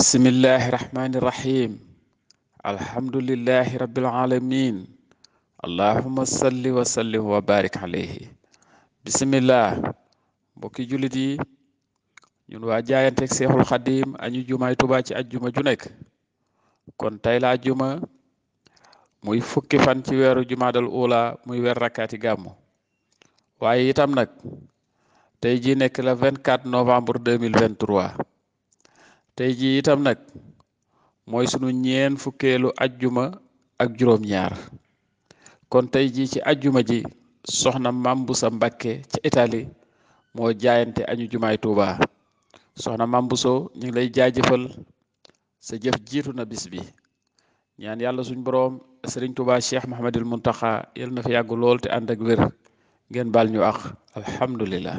بسم الله الرحمن الرحيم الحمد لله رب العالمين اللهم صل وسلم وبارك عليه بسم الله mbokki jullit yi ñun waa jaayanteeg seexul xadim añu jumaay tubaa ci ajjuma ju nekk kon tey la ajjuma muy fukki fan ci weeru jumaadal ula muy weer rakkaati gàmmu waaye itam nag tey ji nekk la 24 novembre 2023 tey jii itam nag mooy sunu ñeen fukkeelu ajjuma ak juróom-ñaar kon tey jii ci ajjuma ji soxna Mame sa mbakke ci Italie moo jaayante añu jumaay Tuuba soxna Mame Bousso ñu ngi lay jaajëfal sa jëf jiitu na bis bi ñaan yàlla suñ boroom sëriñ Tuuba Cheikh Mahamadil Muntaxa yal na fi yàgg lool te ànd ak wér ngeen baal ñu àq alhamdulillah